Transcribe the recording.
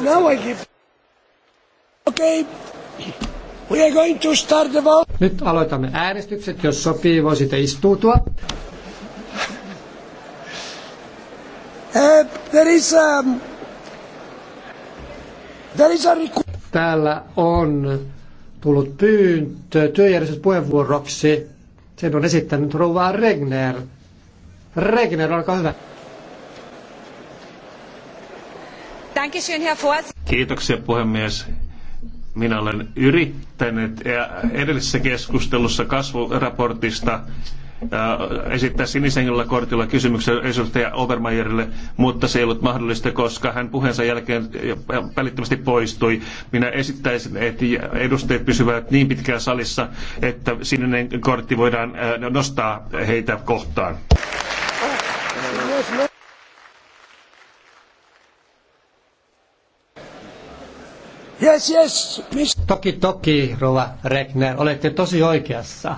Now I give. Okay. We are going to start the vote. Nyt aloitamme äänestykset. Jos sopii, voisitte istuutua. Uh, there is a, um, there is a... Täällä on tullut pyyntö puheenvuoroksi. Sen on esittänyt rouva Regner. Regner, olkaa hyvä. Kiitoksia puhemies. Minä olen yrittänyt edellisessä keskustelussa kasvuraportista äh, esittää sinisellä kortilla kysymyksen edustaja Obermeierille, mutta se ei ollut mahdollista, koska hän puheensa jälkeen äh, välittömästi poistui. Minä esittäisin, että edustajat pysyvät niin pitkään salissa, että sininen kortti voidaan äh, nostaa heitä kohtaan. Yes, yes. Toki, toki, Rova Regner, olette tosi oikeassa.